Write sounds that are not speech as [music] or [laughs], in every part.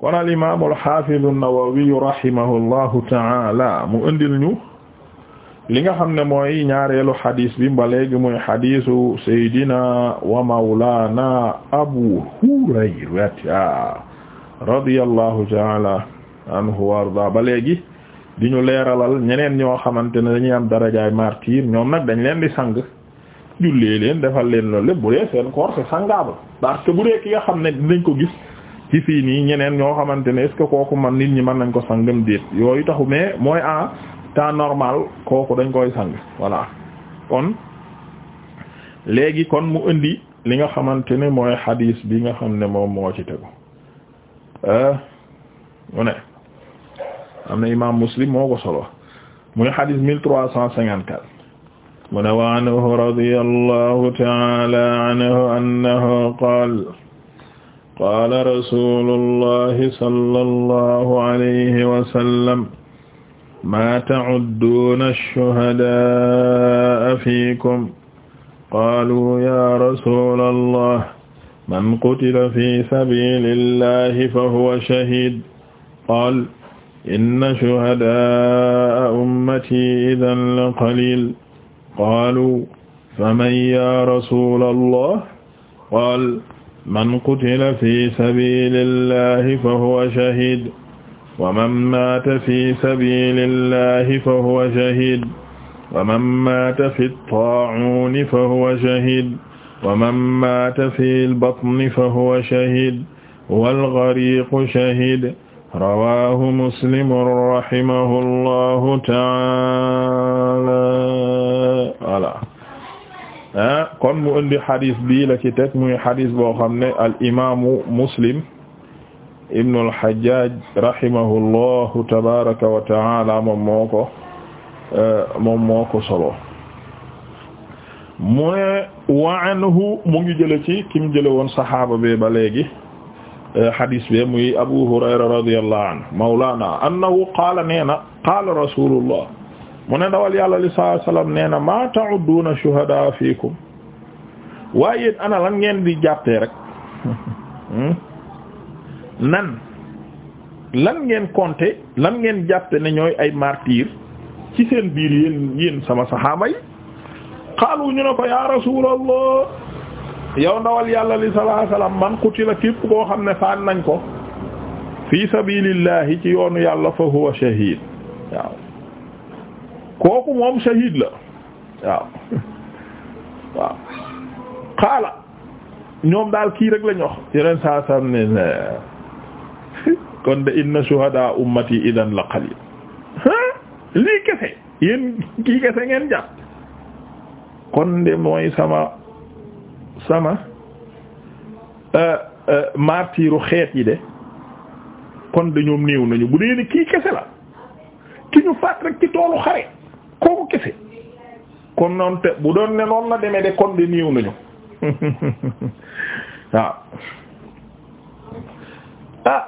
kon al imaam al xaafiz an-Nawawi ta ta'ala mu indil ñu li nga xam ne mooy ñaareelu xadis bi ba léegi mooy xadisu saydina wa mawlaana Abu Hurayrata radiyallahu ta'ala anhu wa arda ba léegi di ñu leeralal ñeneen ñoo xamante ne dañuy am darajaay martyr ñoom nag dañ leen di sang jullee leen defal leen loolu lépp bu dee seen koor c'est sangable parce que bu ki nga xam ne dinañ ko gis ci fii nii ñeneen ñoo xamante ne que kooku man nit ñi mën nañ ko sangam déet yooyu taxu mais mooy en temps normal kooku dañ koy sang voilà kon léegi kon mu indi li nga xamante ne mooy xadiis bi nga xam ne moom moo ci tegu euh, mu ne am na imaam Muslim moo ko solo muy xadiis mille trois cent cinquante-quatre mu ne wa anhu radiyallahu ta'ala anhu annahu qaala rasulullahi sallallahu alayhi wa sallam maa ta'udduuna ash-shuhadaa'a fiikum qaaluu yaa rasulallah man qutila fi sabiilillahi fahuwa shahiid qaala inna shuhadaa'a ummatii idan laqaliil qaaluu faman yaa rasulallah qaala man qutila fi sabilillahi fahuwa shahid wa man maata fi sabilillahi fahuwa shahid wa man maata fi at-ta'uni fahuwa shahid wa man maata fi al-batni fahuwa shahid wal ghariqu shahid rawaahu muslimun rahimahullahu ta'ala kon mu indi xadis bii la ci teg muy xadis boo xam ne al imaamu muslim ibnu al hajjaj rahimahullahu tabaraka wa taala moom moo ko euh, moom moo ko solo mu ne wa anhu mu ngi jële ci kim jële woon saxaaba be ba léegi euh, xadis be muy abu hurayra radiyallahu anhu mawlana annahu qaala neena qaala rasulullah mu ne dawal yàlla li sallallahu alayhi wasallam neena ma ta'udduna shuhada fiikum waaye yéen ana lan ngeen di jàppee rek hmm? nan lan ngeen compter lan ngeen jàppe ne ñooy ay martyrs ci seen biir yéen yéen sama saxaaba yi xaalu ñu ne ko ya rasulallah yow ndawal yàlla li sallallahu alayhi wasallam man képp koo xam ne faan nañ ko fi sabilillahi ci yoonu yàlla fa huwa shahid waaw kooku moom shahid la waaw [laughs] waaw xaala ñoom daal kii rek lañ yeneen saa sam ne kon de inna shuhada ummati idan la qalil lii kese yéen kii kese ngeen jàpp kon de mooy sama sama euh, euh, martiru xeet yi de kon de ñoom néew nañu bu dee ni kii kese la ki ñu faat rek ci toolu xare kooku kese kon noonu te bu doon ne noonu la demee de kon de néew nañu waaw [laughs] ah. ah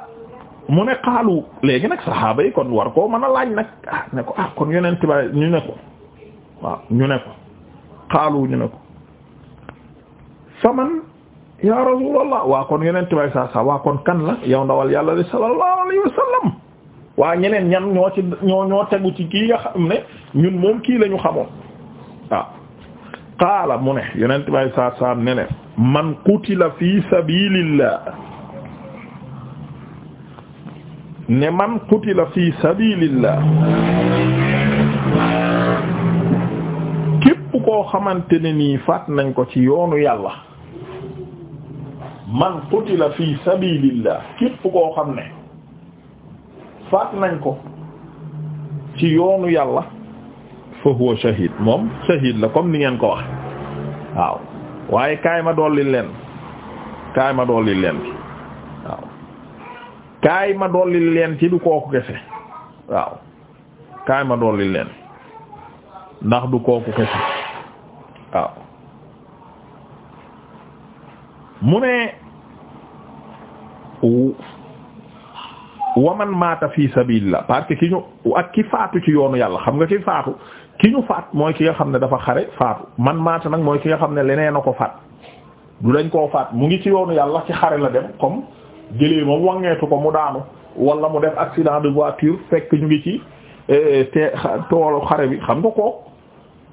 mu ne xaalu léegi nag saxaaba yi kon war koo mën a laaj nag ah ne ko ah kon yonent ba ñu ne ko waaw ñu ne ko xaalu ñu ne ko faman ya rasulallah waa kon yonent bay saa saa waa kon kan la yow ndawal yàlla li sallallahu alayhi wa waa ñeneen ñan ñoo ci tegu ci kii nga xam ne ñun moom kii lañu ñu xamoon waaw ah. qaala mu ne yonent bay saa saam ne ne man qutila fi sabilillah ne man qutila fi sabilillah képp koo xamante ne nii faat nañ ko ci yoonu yàlla man qutila fi sabilillah képp koo xam ne faat nañ ko ci yoonu yàlla fa huwa shahid moom shahid la comme ni ngeen ko wax waaw waaye kaay ma dolli leen kaay ma dolli leen ci waaw leen ci du kooku kese waaw kaay ma dolli leen ndax du kooku kese waaw mu ne waman maata fi sabilillah parce que ki ñu ak ki faatu ci yoonu yàlla xam nga ki faatu ki ñu faat mooy ki nga xam ne dafa xare faatu man maata nag mooy ki nga xam ne leneen a ko faat du dañ koo faat mu ngi ci yoonu yàlla ci xare la dem comme jëlee moom wangeetu ko mu daanu wala mu def accident de voiture fekk ñu ngi ci eh, te toolu xare bi xam nga kooku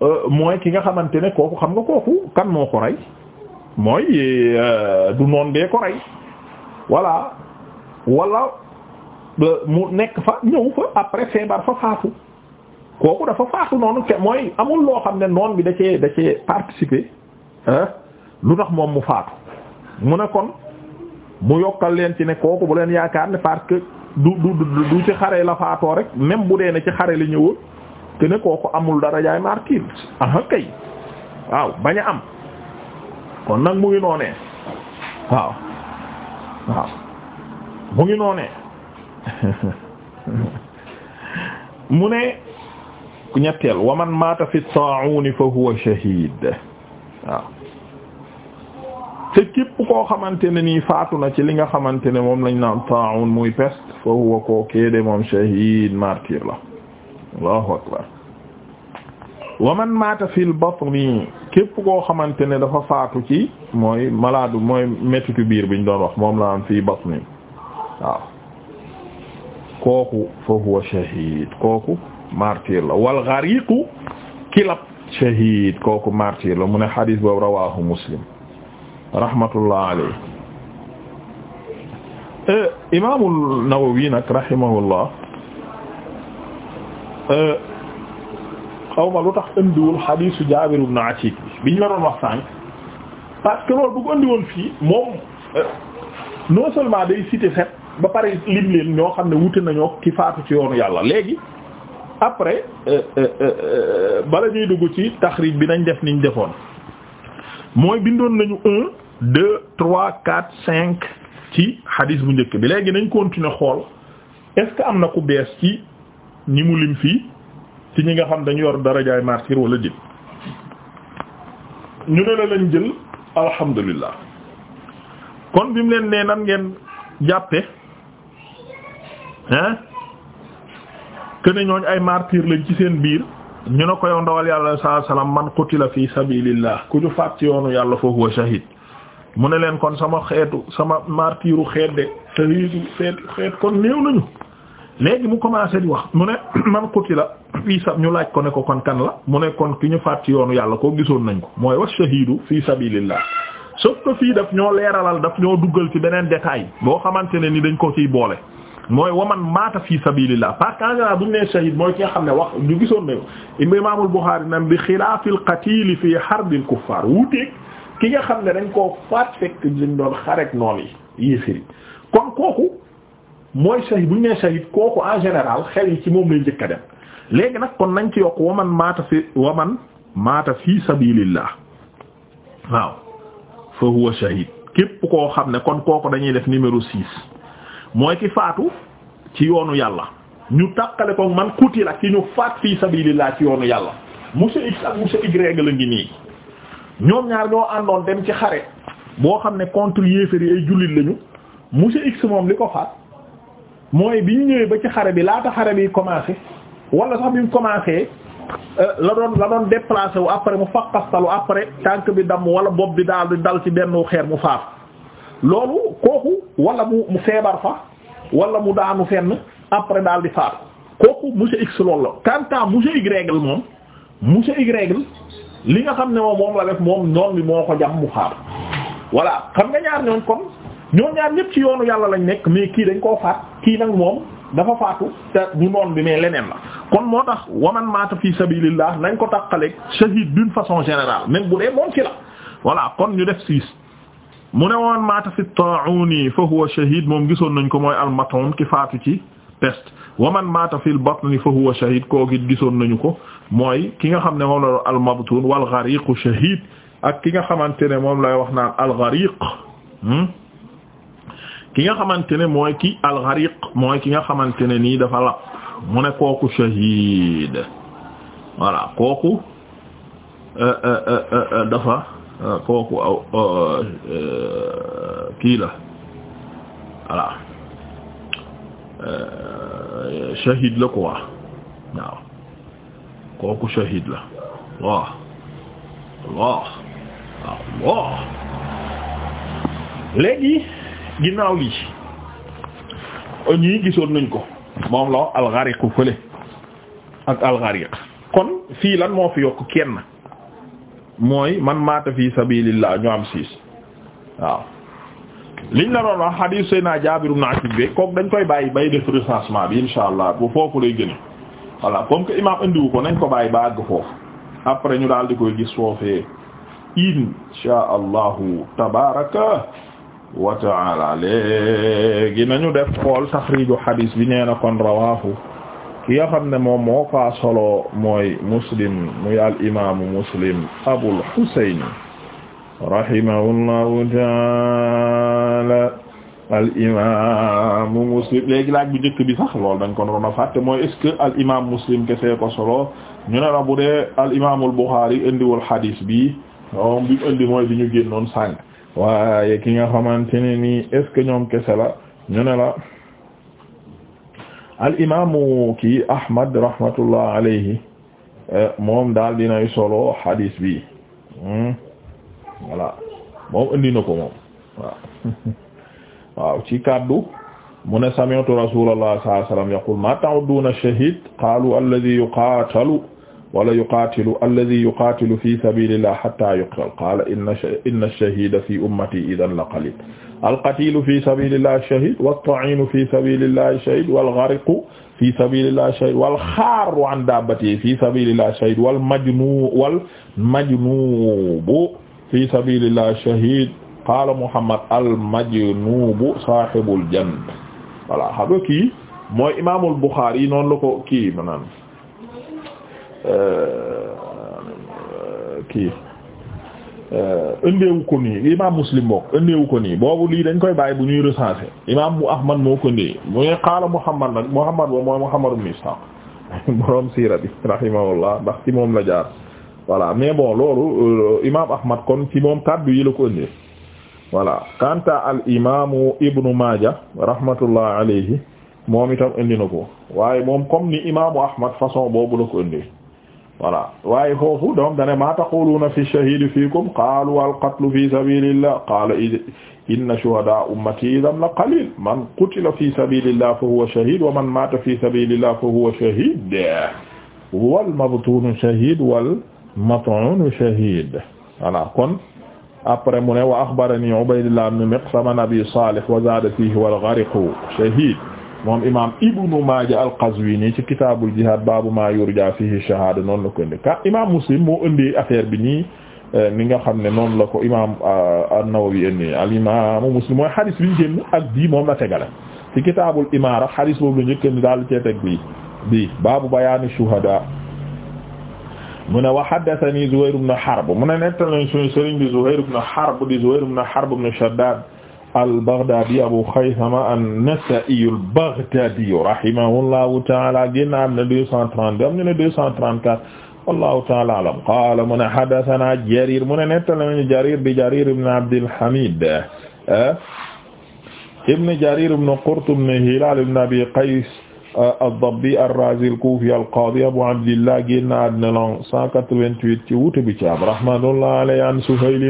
euh, mooy ki nga xamante ne kooku xam nga kooku kan moo ko rey mooy euh, du noon bee ko rey voilà wala euh, mu nekk fa ñëw fa après feebar fa faatu kooku dafa faatu noonu te mooy amul loo xam ne noon bi da cee da cee participer lu tax moom mu faatu mu ne kon mu yokkal leen ci ne kooku bu leen yaakaar ne parce que du du du ci xare la faatoo rek même bu dee ne ci xare la ñëwoon te ne kooku amul dara jaay martyr aha kay waaw bañ a am kon nag mu ngi noonee waaw waaw mu ngi noonee [laughs] mu ne. ñetteel wa maata fi ta'un fa huwa shahid waaw te képp koo xamante ne nii faatu na ci li nga xamante ne moom lañ naan ta'un muy peste fa huwa koo keede moom shahid martyr la allahu akbar wa maata fil batni képp koo xamante ne dafa faatu ci mooy malade mooy mettitu biir biñ doon wax moom la am fii batni waaw kooku fa huwa shahid kooku martyr la wal ghariqu kilab shahid kooku martyr la mu ne hadis boobu rawahu muslim rahmatullah alayhi eh, imaamul nawawi nag rahimahullah eh, xaw ma lu tax indiwul hadisu jaabir ibn atik bi biñ la doon waxtaan sànq parce que loolu bu ko indiwoon fii moom eh, non seulement day cité fet ba pare lim leen ñoo xam ne wute nañoo ki faatu ci yoonu yàlla léegi après euh, euh, euh, bala ñuy dugg ci taxrij bi nañ def niñ defoon mooy bindoon nañu un deux trois quatre cinq ci xadis bu njëkk bi léegi nañ continuer xool est-ce que am na ku bees ci ñi mu lim fii ci ñi nga xam dañu yor darajaay martyr wala jël ñu ne la lañ jël alhamdulillah kon bi mu leen nee ngeen jàppe hein ne ñooñ ay martyr lañ ci seen biir ñu ne ko yow ndawal yàlla saa salaam man qutila fi sabilillah ku ñu fàtt ci yoonu yàlla fa huwa shahid mu ne leen kon sama xeetu sama martiru xeet de shahidu xeet xeet kon néew nañu léegi mu commencé di wax mu ne [clears throat] man la fii sa ñu laaj ko ne ko kon kan la mu ne kon ki ñu faat ci yoonu yàlla ko gisoon nañ ko mooy wax shahidu fi sabilillah sauf que fii daf ñoo leeralal daf ñoo duggal ci beneen détail boo xamante ne ni dañ ko ciy boole mooy waman maata fi sabilillah parce que en général bu ñu nee shahid mooy ki nga xam ne wax ñu gisoon ne imaamul Buxaari nam bi xilaafil qatiil fi harbil kuffaar wuuteeg ki nga xam ne dañ koo faat fekk dañ doon xareek noon yi yéefiri kon kooku mooy shahid buñ ñu nee shahid kooku en général xel yi ci moom lay njëkk a dem léegi nag kon nañ ci yokk waman maata fi waman maata fi sabilillah waaw fa huwa shahid képp koo xam ne kon kooku dañuy def numéro six mooy ki faatu ci yoonu yàlla ñu tàqale ko man la ki ñu faat fii sabilillah ci yoonu yàlla monsieur X ak monsieur Y la ngi nii ñoom ñaar ñoo àndoon dem ci xare boo xam ne contre yéefar yi ay jullit lañu monsieur X moom li ko faat mooy bi ñu ñëwee ba ci xare bi laata xare bi commencé wala sax bi mu commencé euh, la doon la doon déplacé wu après mu fakkastalu après tànk bi damm wala bopp di daal di dal ci benn xeer mu faat loolu kooku wala mu feebar fa. wala mu daanu fenn après daal di faatu kooku monsieur X loolu la quant à monsieur Y moom monsieur Y li nga xam ne moom moom la def moom noon bi moo ko jam mu faatu voilà xam nga ñaar ñoon kon ñoo ñaar ñëpp ci yoonu yàlla lañ nekk mais kii dañ koo faat kii nag moom dafa faatu te du noon bi mais leneen la kon moo tax waman maata fi sabilillah nañ ko takkaleeg shahid d'une façon général même bu dee moom ci la voilà kon ñu def siis mu ne woon maata fi ta'uni fa huwa shahid moom gisoon nañ ko mooy almatun ki faatu ci peste wa man maata fil batni fa huwa shahid kooku gisoon nañu ko mooy ki nga xam ne moom la almabtun wa ghariq shahid ak ki nga xamante ne moom lay wax naan al ghariq hmm? ki nga xamante ne mooy ki al ghariq mooy ki nga xamante ne nii dafa lap mu ne kooku shahid voilà kooku euh, euh, euh, dafa Ah, kooku aw oh, eh, kii la voilà eh, shahid la ko waaw kooku shahid la Allah Allah Allah léegi ginnaaw lii ñii gisoon nañ ko moom la alxariqu fële ak alxariq kon fii lan moo fi yokk kenn mooy man maata fi sabilillah ñu am siis waaw liñ la doon wax hadith sayna Jaabir ibn Atib bi dañ koy bàyyi bay def recensement bi insha allah bu foofu lay gëne voilà comme que imam indiwu ko nañ ko bàyyi ba àgg foofu après ñu daal di koy gis foofee insha allahu tabaraka wa taala léegi nañu def xool taxriju hadith bi nee kon rawahu ki nga xam ne moom moo ko solo mooy muslim muy al imaamu muslim abul husayn rahimahullahu taala al imaamu muslim léegi laaj bu njëkk bi sax loolu dañ ko doon a fàtte mooy est-ce que al imaam muslim kese ko solo ñu ne la bu dee al imaamul buxaari indiwul xadiis bi moom bi indi mooy bi ñu génnoon sànq waaye ki nga xamante ne nii est-ce que ñoom kese la ñu ne la. al imaamu kii Ahmad rahmatullah alayhi eh, moom daal dinay solo hadis bi hmm. voilà moom indi na ko moom waaw [laughs] waaw ci kaddu mu ne sami'tu rasulallah sallallahu alayhi wa sallam yaqul ma ta'udduna ash-shahid qalu alladhi yuqatalu wala yuqaatilu alladi yuqaatilu fi sabilillah hatta yuqtal qaala inna inna ash-shahida fi ummati idan la qalil al-qatilu fi sabilillah ash-shahid wat-ta'inu fi sabilillah ash-shahid wal-ghariqu fi sabilillah ash-shahid wal-xaaru an dabbatihi fi sabilillah ash-shahid wal-majnuu wal-majnuubu fi sabilillah ash-shahid qaala Muhammad al-majnuubu saahibul janna voilà xam nga kii mooy imaamul Buxaari noonu la ko kii maanaam Euh, kii indeewu euh, ko nii imaam muslim bokk indeewu ko nii boobu lii dañ koy bàyyi bu ñuy recenser imaam mu ahmad moo ko ndee mu ne qaala muhammad muhammad ba mooy muhammad ibn ishaq [laughs] boroom siira bi rahimahullah ndax ci moom la jaar voilà mais bon loolu euh, imaam ahmad kon ci moom kàddu yi la ko indee voilà kanta al imaamu ibnu maaja rahmatullah alayhi moom itam indi na ko waaye moom comme ni imaamu ahmad façon boobu la ko indee voilà waaye foofu donc dane ma taquluna fi shahidi fiikum qaalu al qatlu fi sabilillah qaala inna shuhada ummati idan la qalil man qutila fi sabilillah fa huwa shahid wa man mata fi sabilillah fa huwa shahid wal mabtunu shahid wal mat'unu shahid voilà kon après mu ne wa akhbarani ubaydullah ibn miqsam an abi salih wa zada fihi wal ghariqu shahid moom imaam Ibnu Maaja al-Qazwini ci kitaabul jihaad baabu maa yurjaa fiihi shahaada noonu la ko indi ka imaam Muslim moo indi affaire bi nii eh, ni nga xam ne noonu la ko imaam eh, an-Nawawi indi al-imaamu Muslim mooy xadis bi ñu génn ak bii moom la tegale ci kitaabul imaara xadis boobu la njëkk a indi daal cee teg bii bii baabu bayaani shuhadaa mu ne wa haddathanii Zuhayr ibn Harb mu ne nettali suñu sëriñ bi Zuhayr ibn Harb di Zuhayr ibn Harb ibn Shaddaad al-Baghdadi Abu Khaythama an-Nasa'i al-Baghdadi rahimahullahu ta'ala génn am na 232 am na 234 wallahu ta'ala a'lam qala mu ne hadathana Jarir mu ne nettali nañu Jarir bi Jarir ibn Abdil Hamid ah, ibn Jarir ibn Qurt ibn Hilal ibn Abi Qays ah, ad-Dabbi ar-Razi al-Kufi al-Qadi Abu Abdillah génn àddina 188 ci wuute bi ci am rahmatullahi alayhi an Suhayl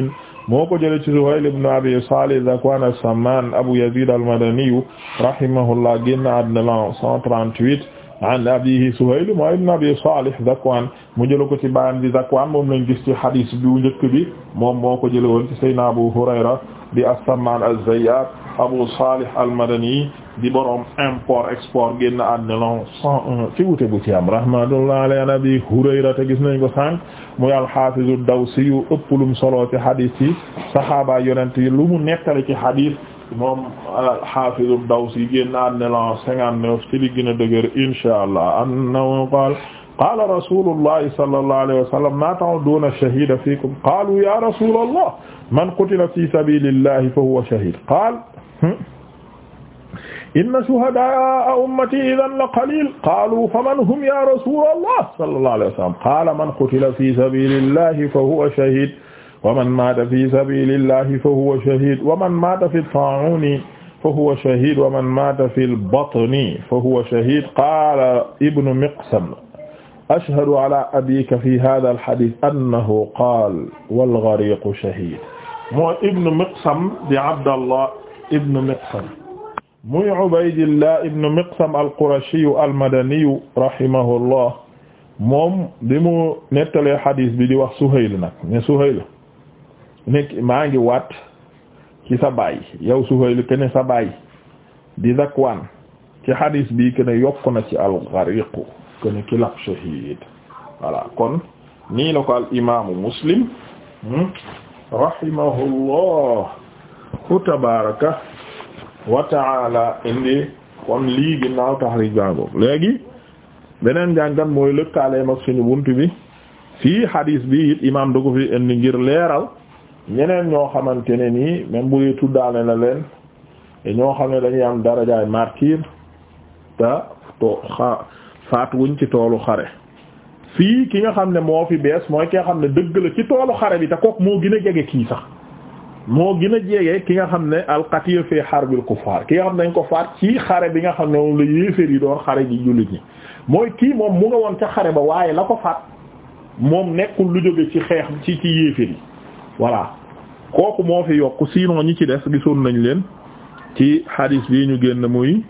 moo ko jëlee ci Suhayl ibn Abi Salih Zakwan as-Samman Abu Yazid al-Madani rahimahullah génn àddina la 138 an abihi Suhayl moo ibn Abi Salih Zakwan mu jëlee ko ci baayam bi Zakwan moom lañ gis ci hadis bu njëkk bi moom moo ko jëlee woon ci Sayyidina Abu Hurayra di as-Samman az-Zayyat Abu Salih al-Madani di borom export génn àddina l'an 101 ci wute bu ci am rahmatullah alayhi Abi Hurayra te gis nañ ko sànq muy al-Hafiz ad-Dawsi yu ëpp lum solo ci hadis yi saxaaba yonent yi lu mu nettali ci hadis moom al-Hafiz ad-Dawsi génn àddina l'an 59 ci li gën qaala rasulullahi sallallahu alayhi wa sallam ma ta'udduna ash-shahida fiikum qaalu ya rasulallah man qutila fi sabilillahi fa huwa shahid qaala hmm? inna shuhadaa ummati idhan la qalil qaalu faman hum ya rasulallah sallallahu alayhi wa sallam qaala man qutila fi sabilillahi fa huwa shahid wa man maata fi sabilillahi fa huwa shahid wa man maata fi at-ta'uni fa huwa shahid wa man maata fi al-batni fa huwa shahid qaala ibnu miqsam ashhadu ala abika fi hadha alhadith annahu qaal walgariqu shahid mooy ibnu miqsam di abdallah ibnu miqsam muy ubaydillah ibnu miqsam alqurashiyu almadaniyu rahimahullah moom bi mu nettalee hadis bi di wax Suhayl nag ne Suhayl nekk maa ngi waat ci sa baay yow Suhayl kene sa baay di Zakwaan ci hadis bi kene yokk na ci algariqu kene kilab shahid voilà kon nii la ko al imaamu muslim hmm, rahimahullahu tabaraka wa taala indi kon lii ginnaaw taxrij bango léegi beneen njàngat mooy lëkkaaleem ak suñu bunt bi fii hadis bi it imam fi indi ngir leeral ñeneen ñoo xamante ne nii même bu dee tuddaale na leen ñoo xam ne dañuy am darajaay martyr te to xa wuñ ci toolu xare fii ki nga xam ne moo fi bees mooy ki nga xam ne dëgg la ci toolu xare bi te kook moo gën a jege kii sax moo gën a jege ki nga xam ne alqatil fi harbil kufaar ki nga xam ne dañ ko faat ci xare bi nga xam ne moom la yéeféer yi doon xare ji jullit ñi mooy kii moom mu nga woon ca xare ba waaye la ko faat moom nekkul lu jóge ci xeex ci ci yéeféer yi voilà kooku moo fi yokk sinon ñi ci des gisoon nañ leen ci hadis bi ñu génn muy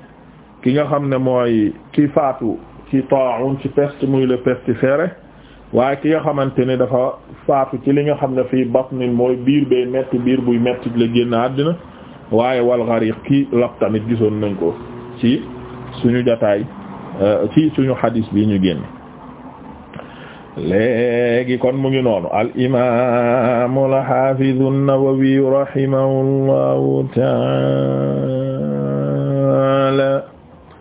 ki nga xam ne mooy ki faatu ci taa'un ci peste muy le pestiféré waaye ki nga xamante ne dafa faatu ci li nga xam ne fii batnin mooy biir bay metti biir buy metti la génn àddina waaye wal ghariq ki lap tamit gisoon nañ ko ci suñu jataay euh, ci suñu hadis bi ñu génn léegi kon mu ngi noonu al imaam al haafiz an-Nawawi rahimahullahu